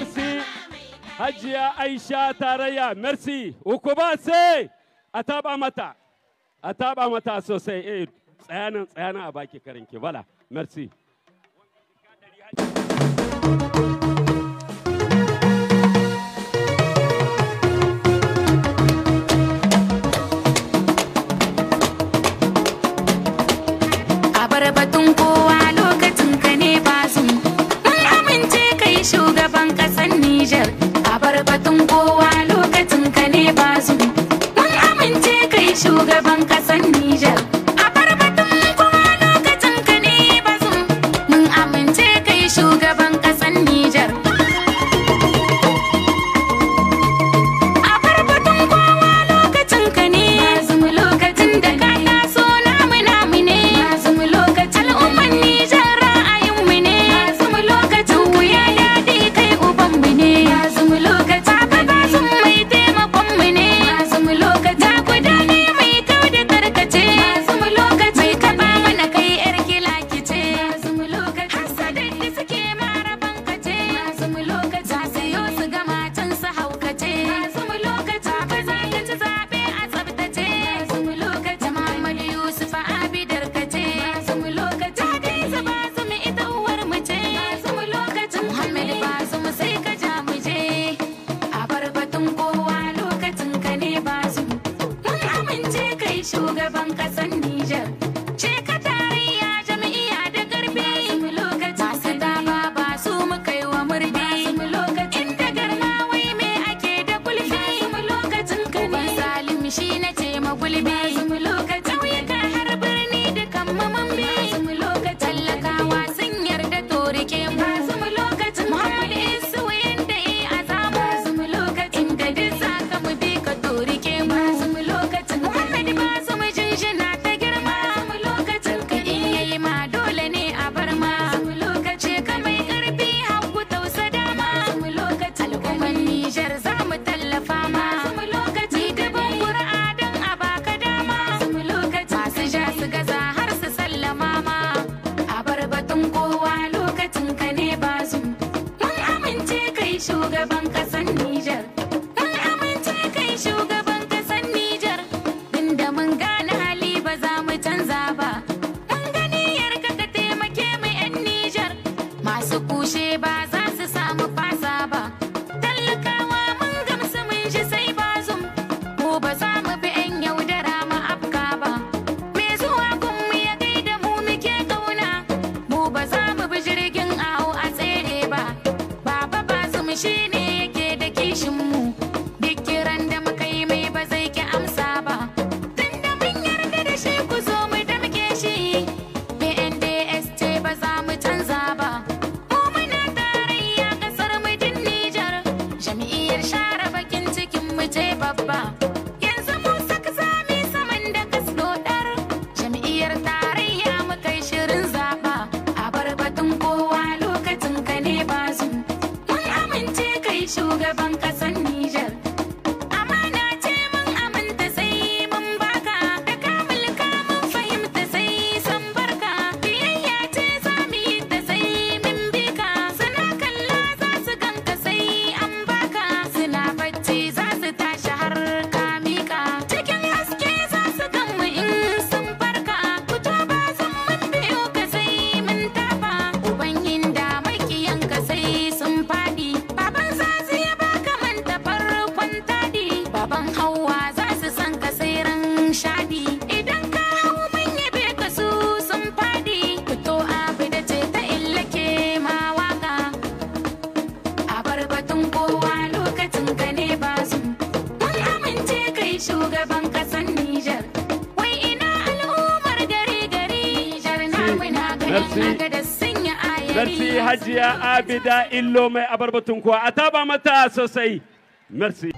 merci. Hajiya Aisha Tarayya, merci. Ukuba sai a taba mata, a taba mata sosai, eh, tsayanan tsayanan a baki karinki, bala, merci. shugaban ƙasar Nijar. bida illo mai abarbatun kuwa a taba mata sosai merci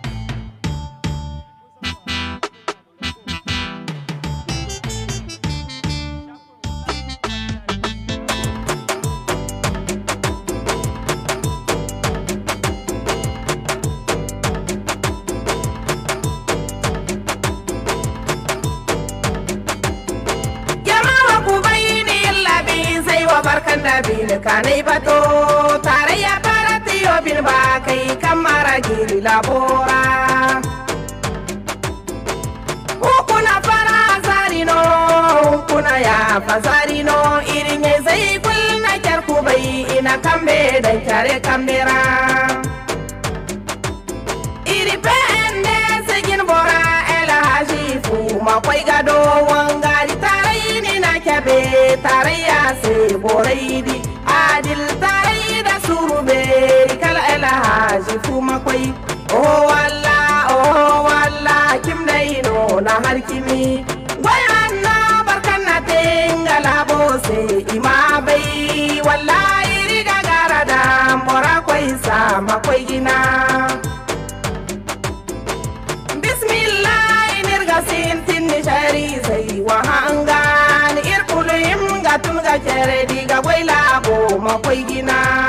wai gado wangari tarai ni na kyabe tarayya sai borai di adil tarai da surube kal alhaji kuma kwai oh walla oh walla kim dai no na har kimi wai anna barkan na tengala bo sai imabai wallahi riga garada mbora kwai sama kwai gina chere diga abuela, mo fue gina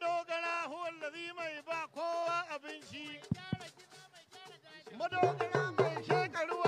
madogara huwa mai ba kowa abinci madogara mai shekaruwa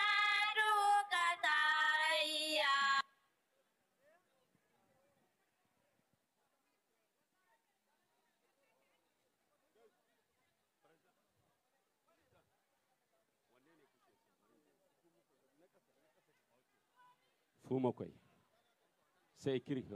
fu mo sei que kiri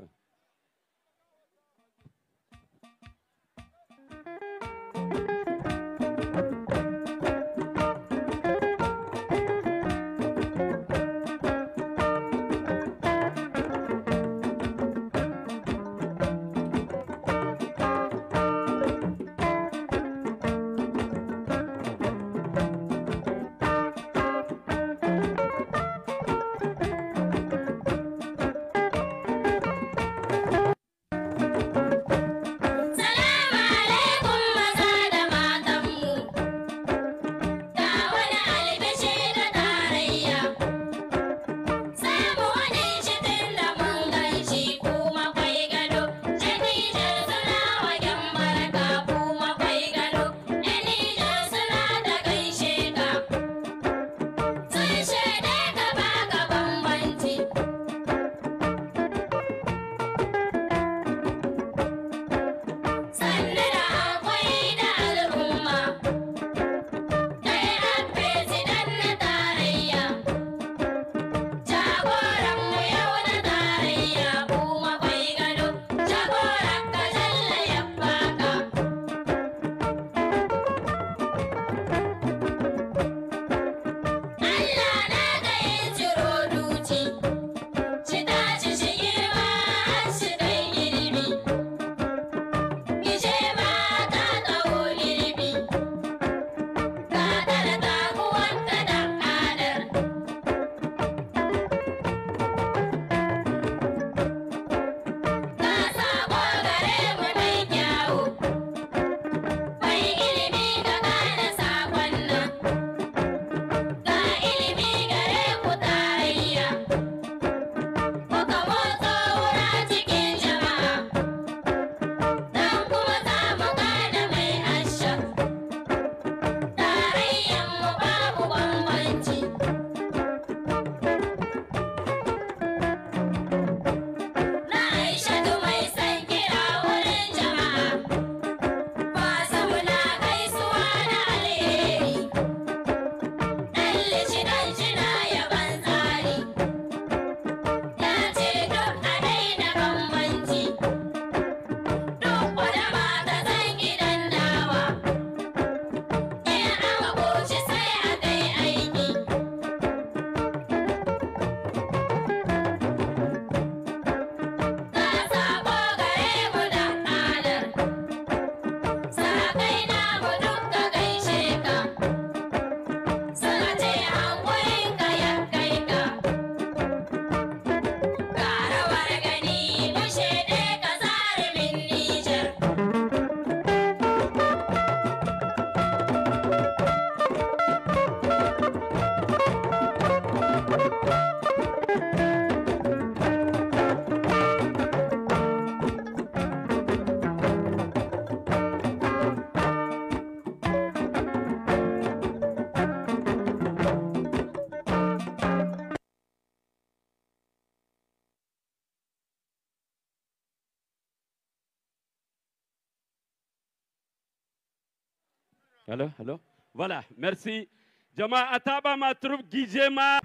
Allô, allô. Voilà, merci. Jama Ataba Matroub Gijema.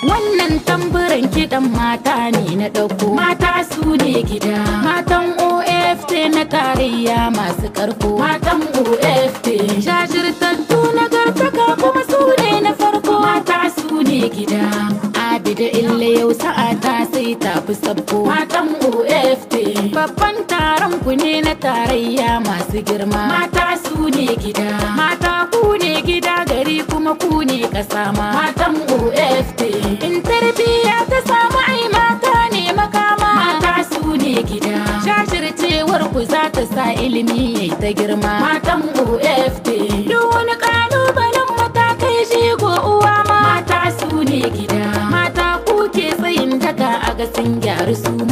Wannan tamburin kiɗan mata ne na ɗauko. Mata su ne gida. Matan OFT na tarayya masu ƙarko. Matan OFT. shashirtattu na gartaka kuma su ne na farko. Mata su ne gida. Abida illa yau sa'ata sai ta fi sabko. Matan OFT. Babban taron ku ne na tarayya masu girma. Mata su ne gida. Mata ku ne gida gari kuma ku ne ƙasa ma matan OFT in tarbiyya ta samu ai mata ne makama mata su ne gida jajircewar ku za ta sa ilimi ya ta girma matan OFT duk wani ƙalubalen matakai jego uwa ma mata su ne gida mata ku ke tsayin daga a ga sun gyaru su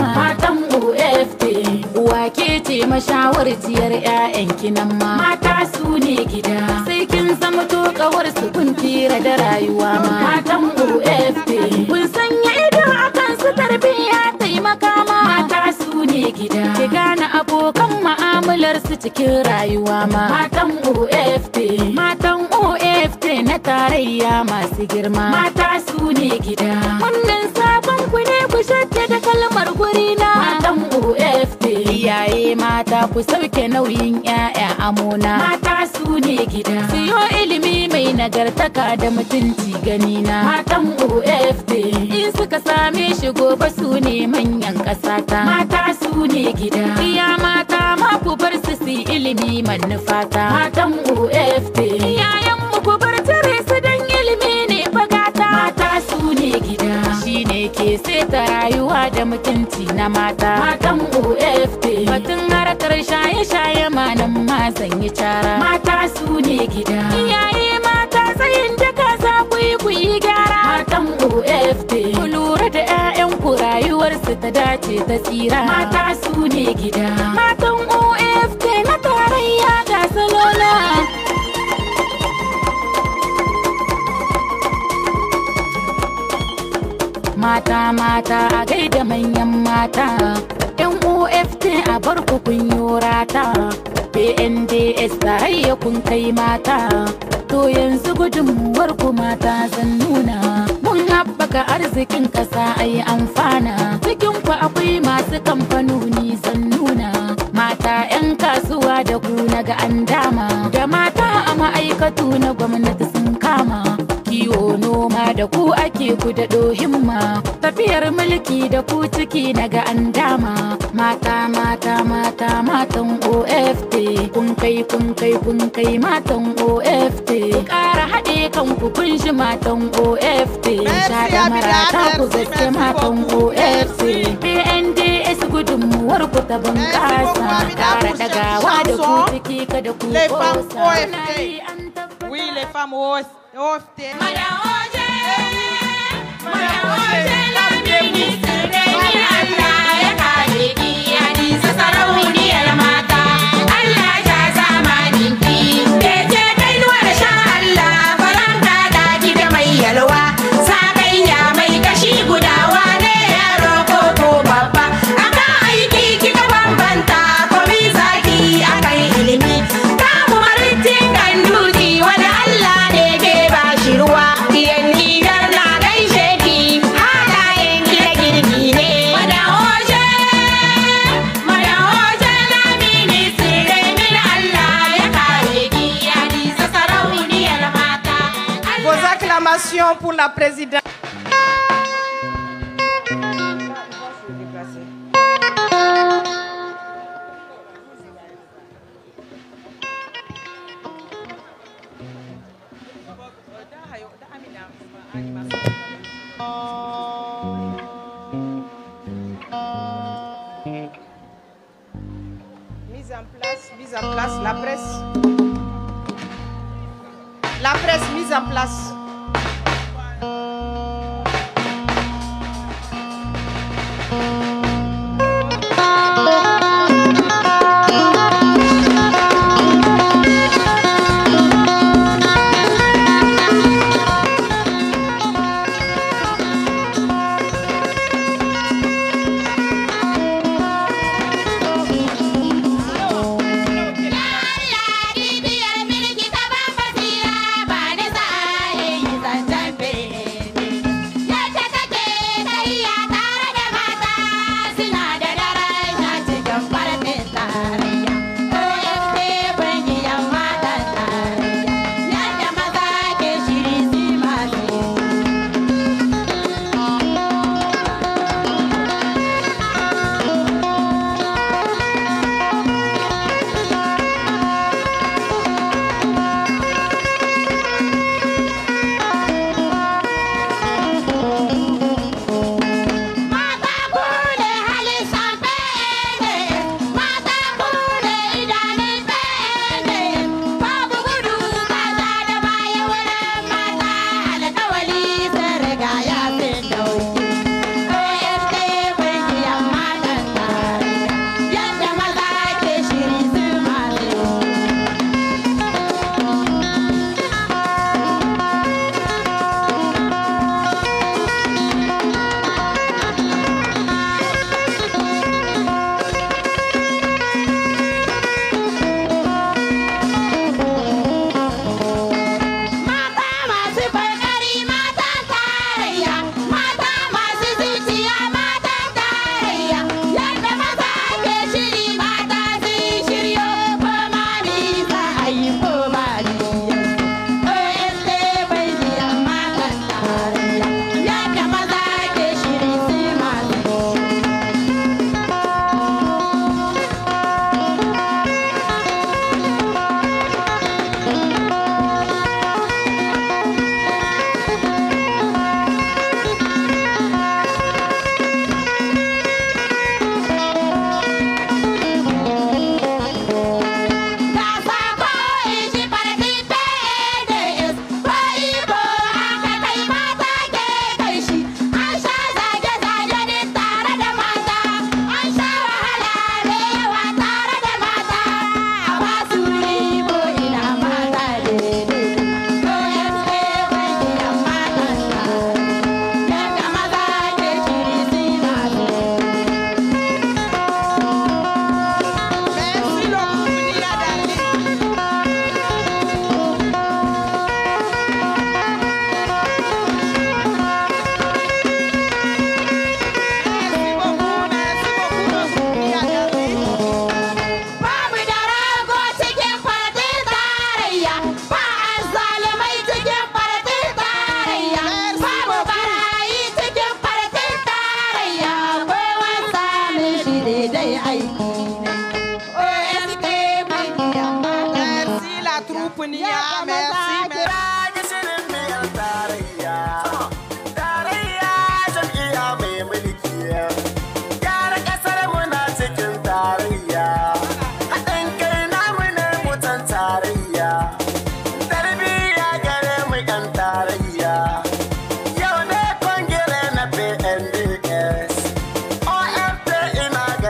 ke ce mashawarciyar 'ya'yanki kinan ma. Mata su ne gida. Sai kin zama to kawar su kun tira da rayuwa ma. Matan UFP Kun sanya ido akan su tarbiyya taimaka ma. Mata su ne gida. Ki gane abokan mu'amalar su cikin rayuwa ma. Matan UFP Matan UFP na tarayya masu girma. Mata su ne gida. Wannan sabon ku ne ku shatta da kalmar guri na. Matan iyaye mata ku sauke nauyin 'ya'ya amona mata su ne gida siyo ilimi mai nagartaka da mutunci gani na. matan ofd in suka same shi gobe su ne manyan ƙasata mata su ne gida iya mata ma ku bar su su ilimi manufata matan ofd iyayen ke ta rayuwa da mutunci na mata matan oft batun harkar shaye-shaye ma zan ma tara. cara mata su ne gida iyaye mata tsayin daka za ku yi ku yi gyara matan oft ku lura da 'ya'yan ku rayuwarsu ta dace ta tsira mata su ne gida matan oft na tarayya ga salola mata mata a gaida manyan mata yan oft a bar ku kun ta pnds ta hayya kun kai mata to yanzu gudunmuwar ku mata zan nuna mun haɓaka arzikin ƙasa a yi amfana cikin ku akwai masu kamfanoni zan nuna mata 'yan kasuwa da ku na ga an dama da mata a ma'aikatu na gwamnati sun kama kiwo noma da ku ake ku daɗo himma tafiyar mulki da ku ciki naga an dama mata mata mata matan oft kun kai kun kai kun kai matan oft ku ƙara haɗe ku kun shi matan oft shaɗa marata ku gaske matan oft pnds gudunmuwar ku ta bunƙasa kara ɗagawa da ku ciki kada ku ƙosa. Oui, les femmes Ofte. Maria hoje! Maria hoje!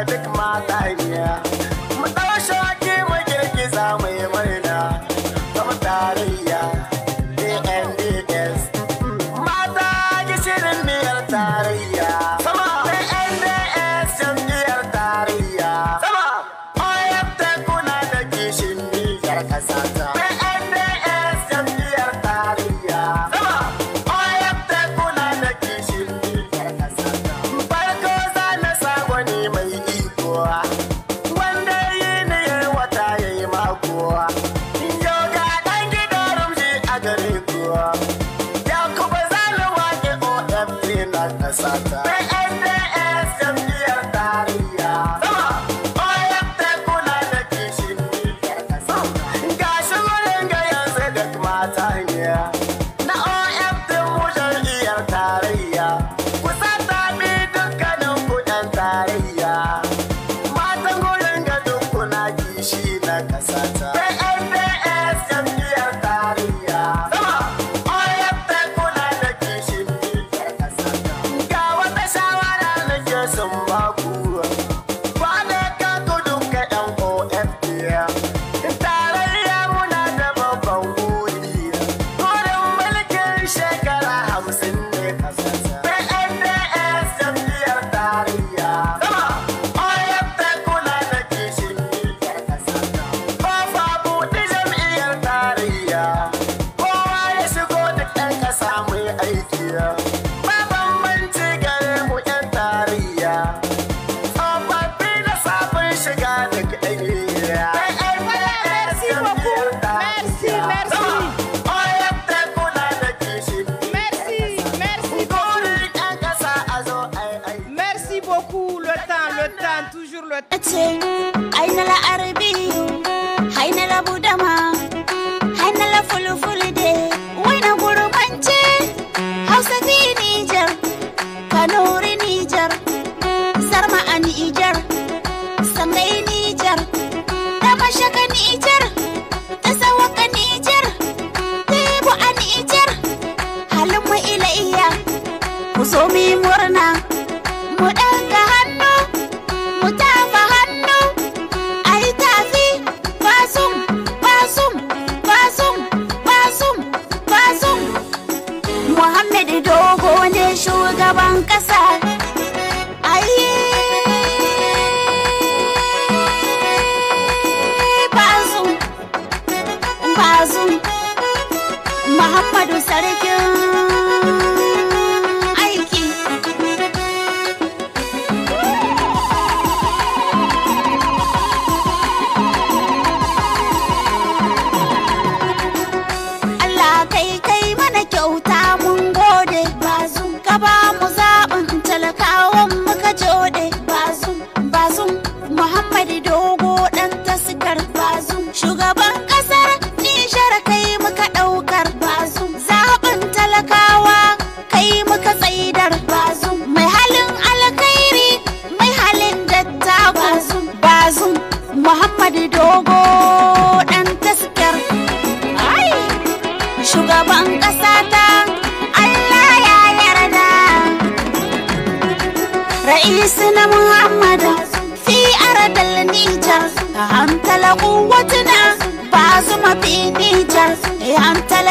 I take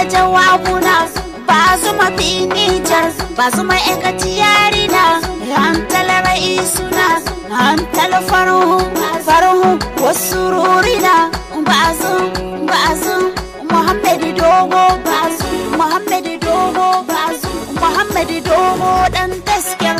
jawabuna ba su mafi nijar ba su na hantala hantal ra'isuna hantal faruhu faruhu wasu na ba su ba su muhammadu dogo ba su muhammadu dogo ba su muhammadu dogo dan gaskiya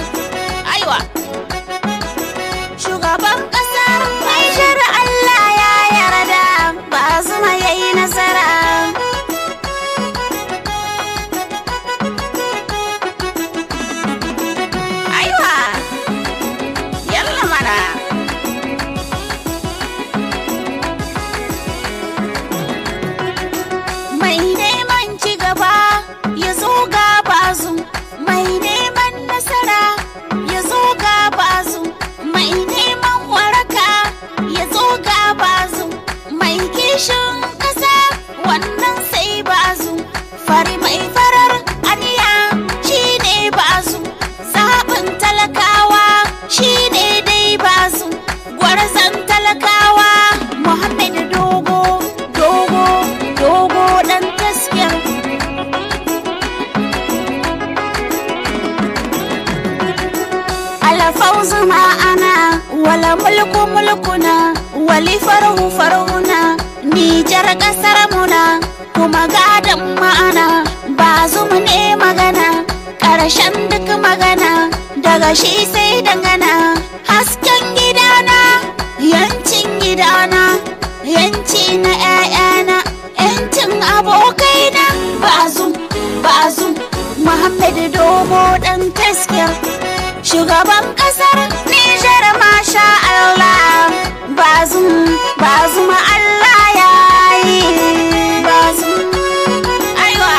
faruna nijar ƙasar muna kuma gadon ma'ana ba zumu ne magana ƙarshen duk magana daga shi sai dangana hasken gidana yancin gidana yanci na 'ya'yana yancin abokaina ba zum ba zum muhammadu domo ɗan taskiyar shugaban ƙasar ne masha Allah bazum bazum Allah yayi bazum aywa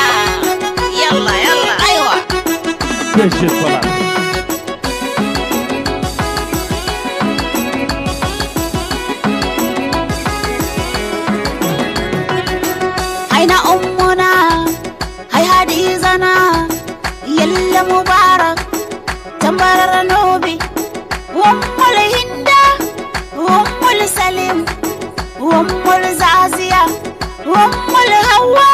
yalla yalla aywa ليش الصلاة أين أمنا هاي هديزنا يلا مبارك تنبرر نوبي وما Ibrahim, wammul Zaziya, wammul Hauwa.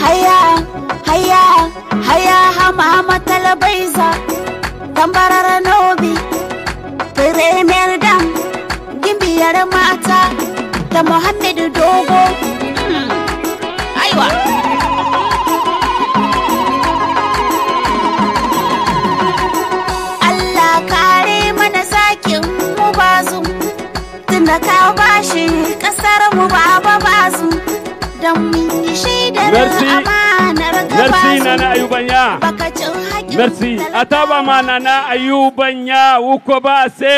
Haya, haya, haya hama matalabaiza, tambarar nobi, premier dam, gimbiyar mata, da Muhammadu Dogo. Hmm, aiwa! Merci. Merci Nana Ayubanya. Merci. Ataba ma Nana Ayubanya uko basi.